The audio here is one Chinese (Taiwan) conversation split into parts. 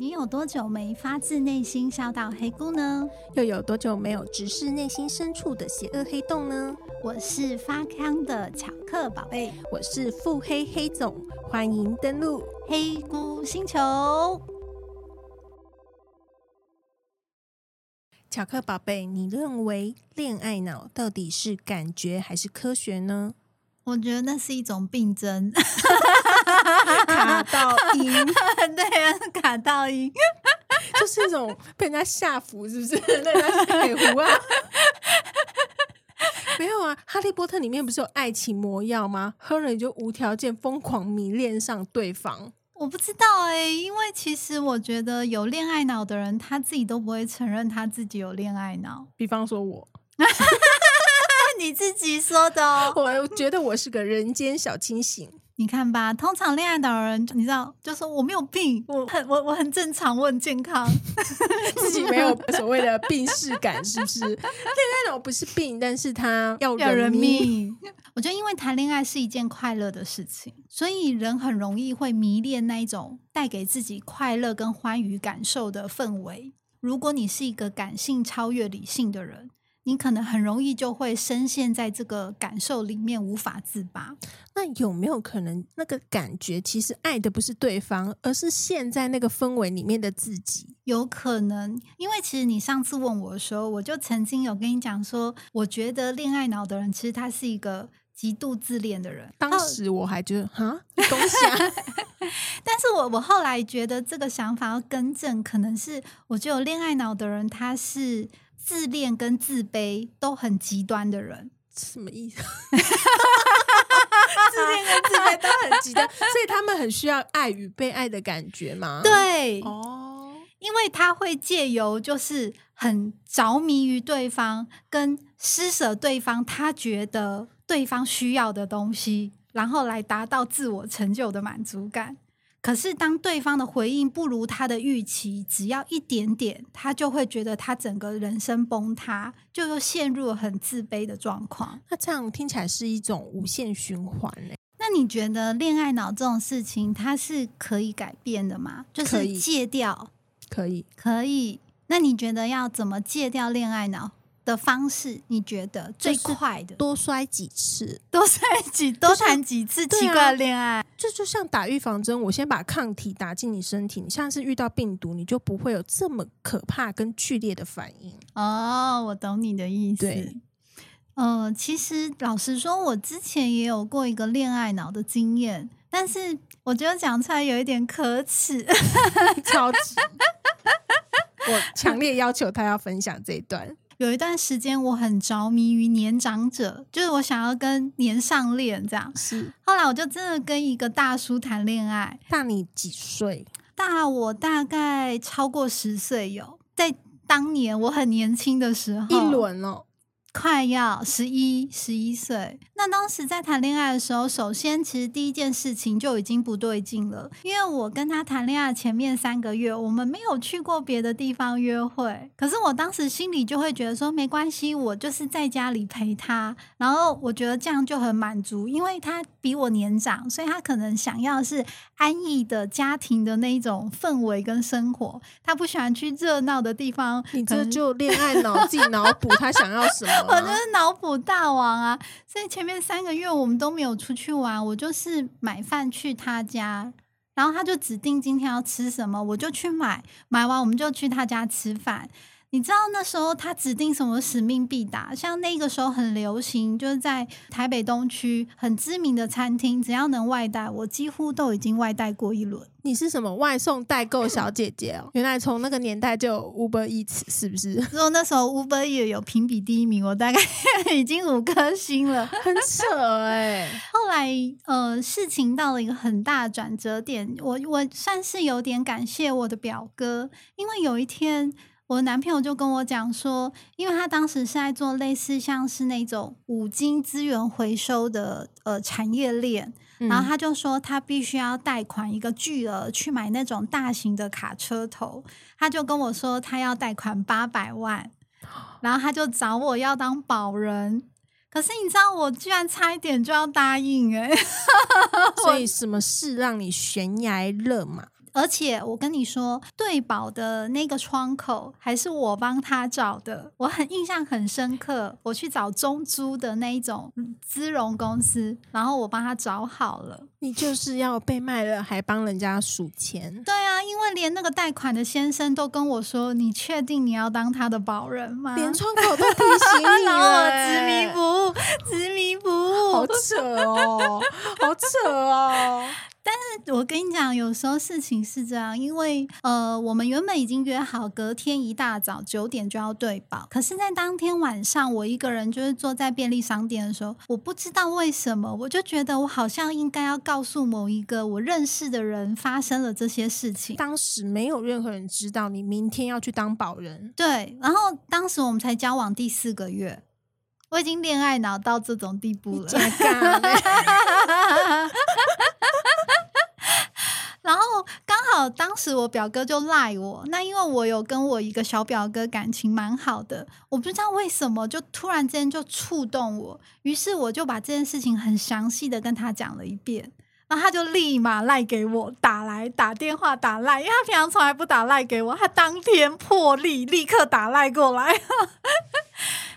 你有多久沒發自內心笑到黑菇呢？又有多久沒有直視內心深處的邪惡黑洞呢？我是發槍的巧克寶貝，我是腹黑黑總，歡迎登錄黑菇星球。巧克寶貝，你認為戀愛腦到底是感覺還是科學呢？我覺得那是一種病症。 卡到陰， 對啊，卡到陰，就是那種被人家嚇服，是不是？對啊，鬼胡啊，沒有啊。哈利波特裡面不是有愛情魔藥嗎？喝了你就無條件瘋狂迷戀上對方。我不知道哎、欸，因為其實我覺得有戀愛腦的人，他自己都不會承認他自己有戀愛腦。比方說我， 你自己說的哦。我覺得我是個人間小清醒。你看吧，通常戀愛的人，你知道，就說我沒有病，我很我我很正常，我很健康， 自己沒有所謂的病識感，是不是？ 戀愛腦不是病，但是他要人要人命。我覺得因為談戀愛是一件快樂的事情，所以人很容易會迷戀那一種帶給自己快樂跟歡愉感受的氛圍。如果你是一個感性超越理性的人。你可能很容易就會深陷在這個感受裡面無法自拔。那有沒有可能那個感覺其實愛的不是對方，而是陷在那個氛圍裡面的自己？有可能，因為其實你上次問我的時候，我就曾經有跟你講說，我覺得戀愛腦的人其實他是一個極度自戀的人。當時我還覺得啊，恭喜啊！ 但是我我後來覺得這個想法要更正，可能是我覺得戀愛腦的人他是。自戀跟自卑都很極端的人，什麼意思？ 自戀跟自卑都很極端， 所以他們很需要愛與被愛的感覺嗎？對，哦，因為他會借由就是很着迷於對方，跟施捨對方他覺得對方需要的東西，然後來達到自我成就的滿足感。可是，當對方的回應不如他的預期，只要一點點，他就會覺得他整個人生崩塌，就又陷入很自卑的狀況。那這樣聽起來是一種無限循環欸。那你覺得戀愛腦這種事情，它是可以改變的嗎？就是戒掉。可以。可以。可以。那你覺得要怎麼戒掉戀愛腦？的方式你覺得最快的，多摔幾次，多摔幾多談幾次奇怪的戀愛、啊、愛，這就像打預防針，我先把抗體打進你身體，你下次遇到病毒，你就不會有這麼可怕跟劇烈的反應。哦，我懂你的意思。嗯、呃，其實老實說，我之前也有過一個戀愛腦的經驗，但是我覺得講出來有一點可恥， 超級。 我強烈要求他要分享這一段。有一段時間，我很着迷於年長者，就是我想要跟年上戀這樣。是，後來我就真的跟一個大叔談戀愛。大你幾歲？大我大概超過十歲有。在當年我很年輕的時候，一輪了。哦。快要十一十一歲那當時在談戀愛的時候，首先其實第一件事情就已經不對勁了，因為我跟他談戀愛前面三個月，我們沒有去過別的地方約會，可是我當時心裡就會覺得說沒關係，我就是在家裡陪他，然後我覺得這樣就很滿足，因為他。比我年長，所以他可能想要是安逸的家庭的那一種氛圍跟生活。他不喜歡去熱鬧的地方，可能你這就戀愛腦自己腦補他想要什麼啊？ 我就是腦補大王啊！所以前面三個月我們都沒有出去玩，我就是買飯去他家，然後他就指定今天要吃什麼，我就去買，買完我們就去他家吃飯。你知道那時候他指定什麼使命必達，像那個時候很流行，就是在台北東區很知名的餐廳，只要能外帶，我幾乎都已經外帶過一輪。你是什麼外送代購小姐姐哦？ 原來從那個年代就有 Uber Eats，是不是？說那時候 Uber 也有評比第一名，我大概已經五顆星了， 很扯哎、欸。後來呃，事情到了一個很大的轉折點，我我算是有點感謝我的表哥，因為有一天。我男朋友就跟我講說，因為他當時是在做類似像是那種五金資源回收的呃產業鏈、嗯，然後他就說他必須要貸款一個巨額去買那種大型的卡車頭，他就跟我說他要貸款八百萬，然後他就找我要當保人，可是你知道我居然差一點就要答應哎、欸， 所以什麼事讓你懸崖勒馬？而且我跟你說，對保的那個窗口還是我幫他找的，我很印象很深刻。我去找中租的那一種資融公司，然後我幫他找好了。你就是要被賣了，還幫人家數錢？對啊，因為連那個貸款的先生都跟我說：“你確定你要當他的保人嗎？”連窗口都提醒你了， 然後我執迷不悟，執迷不悟，好扯哦，好扯哦。但是我跟你講，有時候事情是這樣，因為呃，我們原本已經約好隔天一大早九點就要對保，可是在當天晚上，我一個人就是坐在便利商店的時候，我不知道為什麼，我就覺得我好像應該要告訴某一個我認識的人發生了這些事情。當時沒有任何人知道你明天要去當保人。對，然後當時我們才交往第四個月，我已經戀愛腦到這種地步了。 然後剛好當時我表哥就賴我，那因為我有跟我一個小表哥感情蠻好的，我不知道為什麼就突然間就觸動我，於是我就把這件事情很詳細的跟他講了一遍，然後他就立馬賴給我打來，打電話打賴，因為他平常從來不打賴給我，他當天破例立刻打賴過來。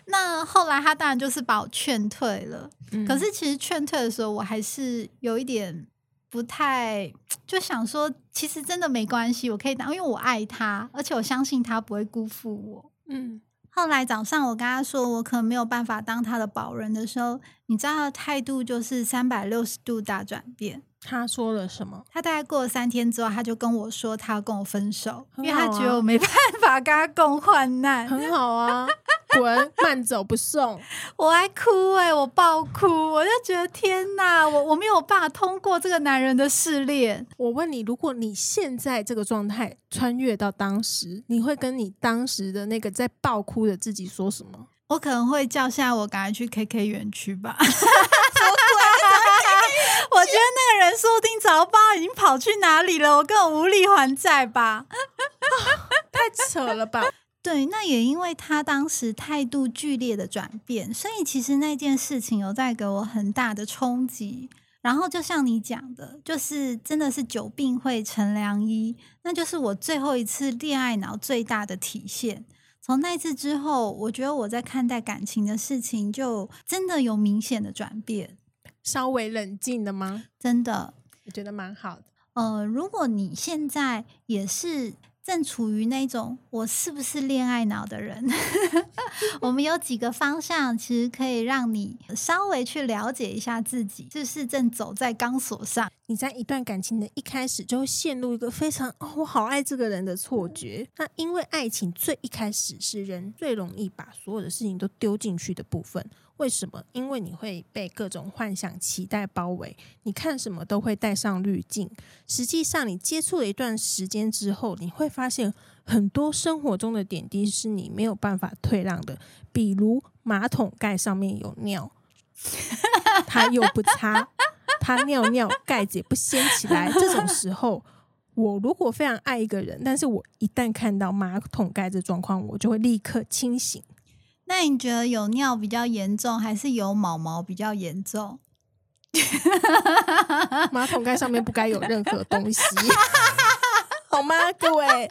那後來他當然就是把我勸退了，嗯、可是其實勸退的時候我還是有一點。不太，就想說，其實真的沒關係，我可以當，因為我愛他，而且我相信他不會辜負我。嗯，後來早上我跟他說，我可能沒有辦法當他的保人的時候，你知道他的態度就是三百六十度大轉變。他說了什麼？他大概過了三天之後，他就跟我說他要跟我分手，啊，因為他覺得我沒辦法跟他共患難。很好啊。 滾，慢走不送。 我愛哭哎，、欸，我暴哭，我就覺得天哪，我我沒有辦法通過這個男人的試煉。我問你，如果你現在這個狀態穿越到當時，你會跟你當時的那個在暴哭的自己說什麼？我可能會叫下我趕快去 KK 園區吧。我 鬼、啊、 我覺得那個人說不定早跑已經跑去哪裡了，我根本無力還債吧 、哦？太扯了吧！對，那也因為他當時態度劇烈的轉變，所以其實那件事情有帶給我很大的衝擊。然後就像你講的，就是真的是久病會成良醫，那就是我最後一次戀愛腦最大的體現。從那一次之後，我覺得我在看待感情的事情就真的有明顯的轉變，稍微冷靜了嗎？真的，我覺得蠻好的。呃，如果你現在也是。正處於那種我是不是戀愛腦的人？ 我們有幾個方向，其實可以讓你稍微去了解一下自己。這是正走在鋼索上，你在一段感情的一開始就會陷入一個非常“我好愛這個人的”錯覺。那因為愛情最一開始是人最容易把所有的事情都丟進去的部分。為什麼？因為你會被各種幻想、期待包圍，你看什麼都會帶上濾鏡。實際上，你接觸了一段時間之後，你會發現很多生活中的點滴是你沒有辦法退讓的。比如，馬桶蓋上面有尿，他又不擦，他尿尿蓋子也不掀起來。這種時候，我如果非常愛一個人，但是我一旦看到馬桶蓋子狀況，我就會立刻清醒。那你覺得有尿比較嚴重，還是有毛毛比較嚴重？ 馬桶蓋上面不該有任何東西， 好嗎，各位？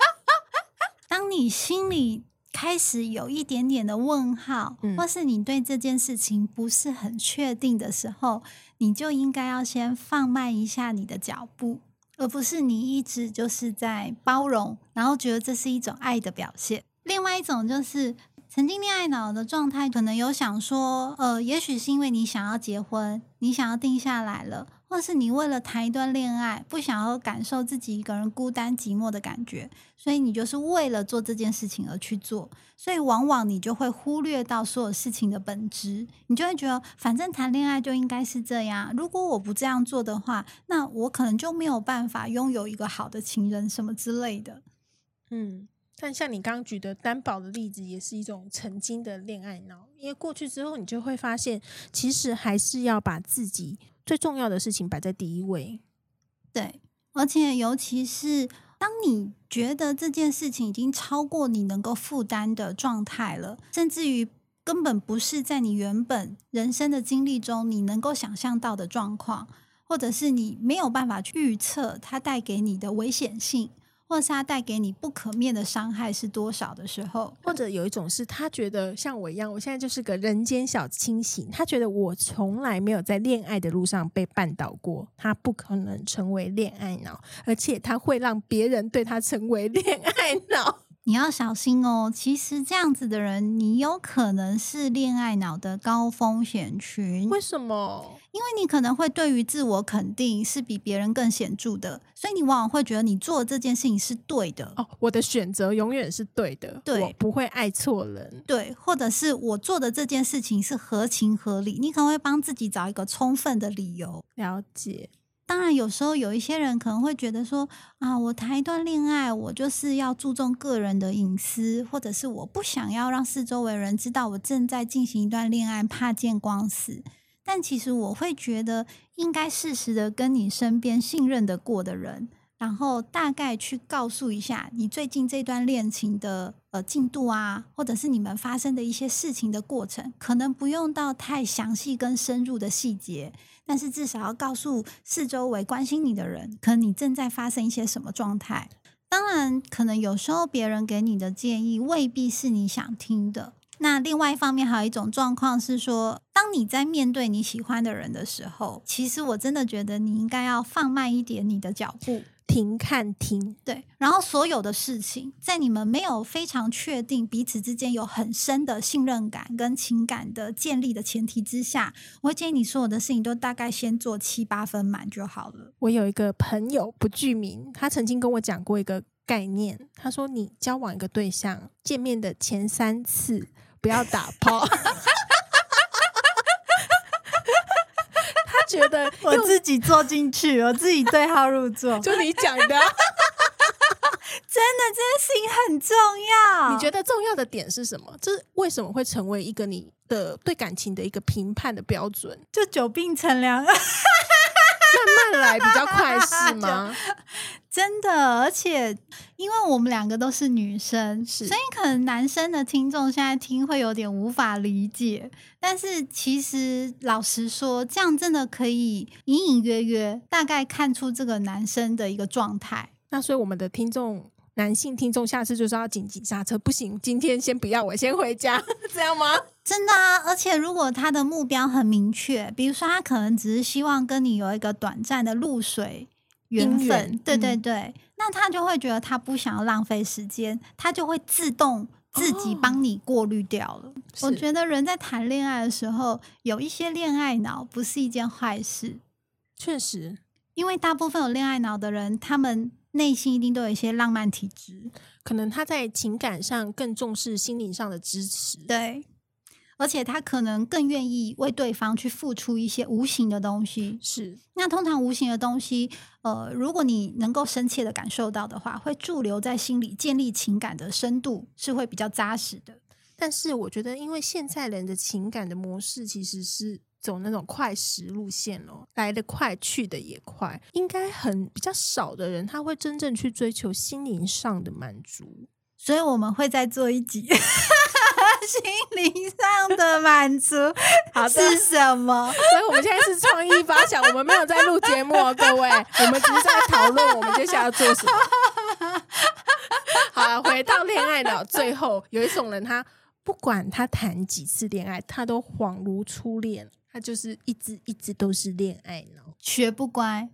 當你心裡開始有一點點的問號，嗯、或是你對這件事情不是很確定的時候，你就應該要先放慢一下你的腳步，而不是你一直就是在包容，然後覺得這是一種愛的表現。另外一種就是。曾經戀愛腦的狀態，可能有想說，呃，也許是因為你想要結婚，你想要定下來了，或是你為了談一段戀愛，不想要感受自己一個人孤單寂寞的感覺，所以你就是為了做這件事情而去做，所以往往你就會忽略到所有事情的本質，你就會覺得，反正談戀愛就應該是這樣，如果我不這樣做的話，那我可能就沒有辦法擁有一個好的情人什麼之類的，嗯。但像你剛剛舉的擔保的例子，也是一種曾經的戀愛腦。因為過去之後，你就會發現，其實還是要把自己最重要的事情擺在第一位。對，而且尤其是當你覺得這件事情已經超過你能夠負擔的狀態了，甚至於根本不是在你原本人生的經歷中你能夠想象到的狀況，或者是你沒有辦法去預測它帶給你的危險性。或是他帶給你不可面的傷害是多少的時候，或者有一種是他覺得像我一樣，我現在就是個人間小清醒。他覺得我從來沒有在戀愛的路上被絆倒過，他不可能成為戀愛腦，而且他會讓別人對他成為戀愛腦。 你要小心哦，其實這樣子的人，你有可能是戀愛腦的高風險群。為什麼？因為你可能會對於自我肯定是比別人更顯著的，所以你往往會覺得你做的這件事情是對的。哦，我的選擇永遠是對的，對，我不會愛錯人，對，或者是我做的這件事情是合情合理，你可能會幫自己找一個充分的理由。了解。有時候有一些人可能會覺得說啊，我談一段戀愛，我就是要注重個人的隱私，或者是我不想要讓四周圍人知道我正在進行一段戀愛，怕見光死。但其實我會覺得應該適時的跟你身邊信任的過的人。然後大概去告訴一下你最近這段戀情的呃進度啊，或者是你們發生的一些事情的過程，可能不用到太詳細跟深入的細節，但是至少要告訴四周圍關心你的人，可能你正在發生一些什麼狀態。當然，可能有時候別人給你的建議未必是你想聽的。那另外一方面，還有一種狀況是說，當你在面對你喜歡的人的時候，其實我真的覺得你應該要放慢一點你的腳步。停看聽，對。然後所有的事情，在你們沒有非常確定彼此之間有很深的信任感跟情感的建立的前提之下，我會建議你所有的事情都大概先做七八分滿就好了。我有一個朋友不具名，他曾經跟我講過一個概念，他說：“你交往一個對象，見面的前三次不要打炮。 ”覺 得我自己坐進去，我自己對號入座， 就你講講的， 真的，真心很重要。你覺得重要的點是什麼？這，就是為什麼會成為一個你的對感情的一個評判的標準？ 就久病成良， 慢慢來比較快是嗎？ 真的，而且因為我們兩個都是女生，是，所以可能男生的聽眾現在聽會有點無法理解。但是其實老實說，這樣真的可以隱隱約約大概看出這個男生的一個狀態。那所以我們的聽眾，男性聽眾，下次就是要緊急剎車，不行，今天先不要，我先回家，這樣嗎？真的啊！而且如果他的目標很明確，比如說他可能只是希望跟你有一個短暫的露水。緣分，對對對、嗯，那他就會覺得他不想要浪費時間，他就會自動自己幫你過濾掉了。哦，我覺得人在談戀愛的時候，有一些戀愛腦不是一件壞事，確實，因為大部分有戀愛腦的人，他們內心一定都有一些浪漫體質，可能他在情感上更重視心理上的支持，對。而且他可能更願意為對方去付出一些無形的東西。是。那通常無形的東西，呃，如果你能夠深切地感受到的話，會駐留在心裡，建立情感的深度是會比較紮實的。但是我覺得，因為現在人的情感的模式其實是走那種速食路線囉，來得快，去得也快，應該很比較少的人他會真正去追求心靈上的滿足。所以我們會再做一集。 心理上的滿足 好的，好是什麼？所以我們現在是創意發想， 我們沒有在錄節目，各位，我們只是在討論，我們接下來要做什麼。 好、啊，回到戀愛腦， 最後有一種人他，他不管他談幾次戀愛，他都恍如初戀，他就是一直一直都是戀愛腦，學不乖。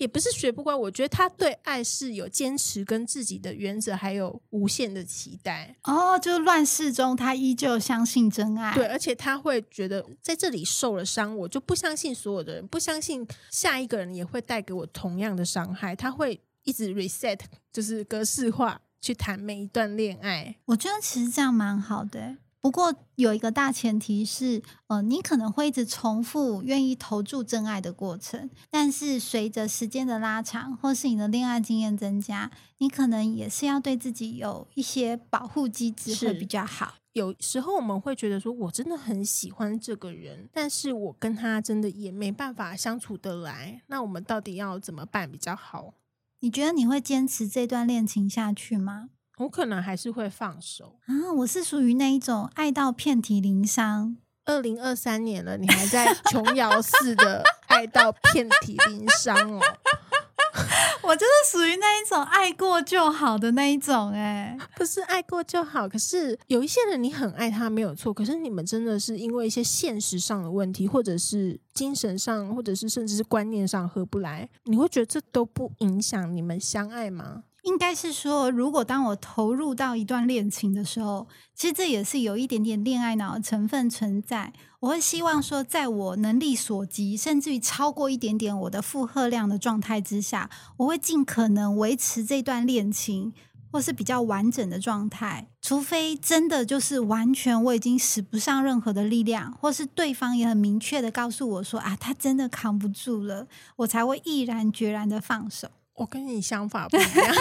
也不是學不乖，我覺得他對愛是有堅持跟自己的原則，還有無限的期待。哦，就亂世中，他依舊相信真愛。對，而且他會覺得在這裡受了傷，我就不相信所有的人，不相信下一個人也會帶給我同樣的傷害。他會一直 reset，就是格式化去談每一段戀愛。我覺得其實這樣蠻好的欸。不過有一個大前提是，呃，你可能會一直重複願意投注真愛的過程，但是隨着時間的拉長，或是你的戀愛經驗增加，你可能也是要對自己有一些保護機製會比較好。有時候我們會覺得說，我真的很喜歡這個人，但是我跟他真的也沒辦法相處得來，那我們到底要怎麼辦比較好？你覺得你會堅持這段戀情下去嗎？我可能還是會放手啊！我是屬於那一種愛到遍體鱗傷。二零二三年了，你還在瓊瑤式的愛到遍體鱗傷哦。 我就是屬於那一種愛過就好的那一種哎，不是愛過就好。可是有一些人，你很愛他沒有錯，可是你們真的是因為一些現實上的問題，或者是精神上，或者是甚至是觀念上合不來，你會覺得這都不影響你們相愛嗎？應該是說，如果當我投入到一段戀情的時候，其實這也是有一點點戀愛腦的成分存在。我會希望說，在我能力所及，甚至於超過一點點我的負荷量的狀態之下，我會盡可能維持這段戀情或是比較完整的狀態。除非真的就是完全我已經使不上任何的力量，或是對方也很明確的告訴我說啊，他真的扛不住了，我才會毅然決然的放手。我跟你想法不一樣，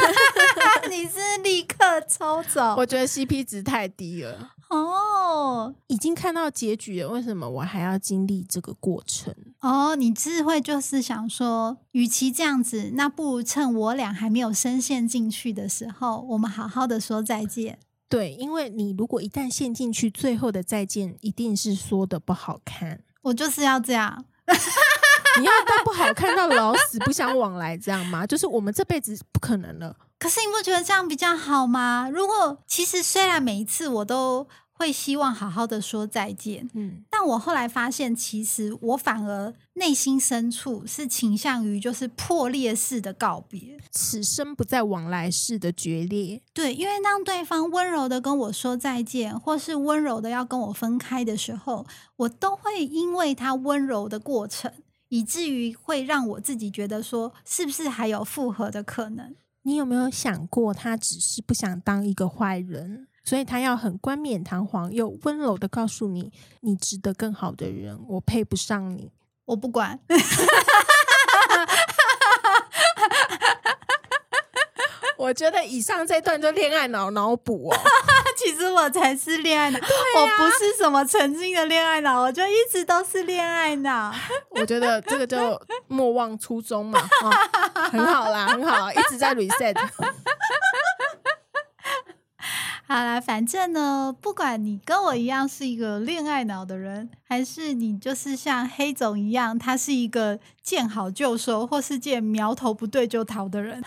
你是，是立刻抽走。 我覺得 CP 值太低了，oh。哦，已經看到結局了，為什麼我還要經歷這個過程？哦，oh，你智慧就是想說，與其這樣子，那不如趁我倆還沒有深陷進去的時候，我們好好的說再見。對，因為你如果一旦陷進去，最後的再見一定是說得不好看。我就是要這樣。 你要到不好看到老死不相往來這樣嗎？就是我們這輩子不可能了。可是你不覺得這樣比較好嗎？如果其實雖然每一次我都會希望好好的說再見，嗯，但我後來發現，其實我反而內心深處是傾向於就是破裂式的告別，此生不再往來式的決裂。對，因為當對方溫柔的跟我說再見，或是溫柔的要跟我分開的時候，我都會因為他溫柔的過程。以至於會讓我自己覺得說，是不是還有復合的可能？你有沒有想過，他只是不想當一個壞人，所以他要很冠冕堂皇又溫柔的告訴你，你值得更好的人，我配不上你，我不管。 我覺得以上這段就戀愛腦腦補哦， 其實我才是戀愛腦，啊、我不是什麼曾經的戀愛腦，我就一直都是戀愛腦。我覺得這個就莫忘初衷嘛、 啊，很好啦，很好，一直在 reset。 好啦，反正呢，不管你跟我一樣是一個戀愛腦的人，還是你就是像黑總一樣，他是一個見好就收或是見苗頭不對就逃的人，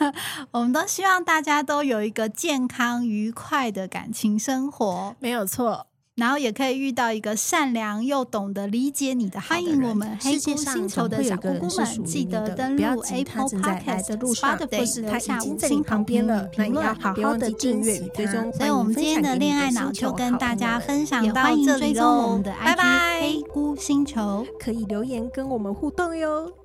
我們都希望大家都有一個健康愉快的感情生活，沒有錯。然後也可以遇到一個善良又懂得理解你的好的人。歡迎我們黑菇星球的小菇菇們，記得登錄 Apple Podcast 的路上，對，或是拍下五星旁邊的評論，要好好的訂閱、追蹤。所以，我們今天的戀愛腦就跟大家分享到歡迎這裡哦，拜拜。黑菇星球可以留言跟我們互動喲。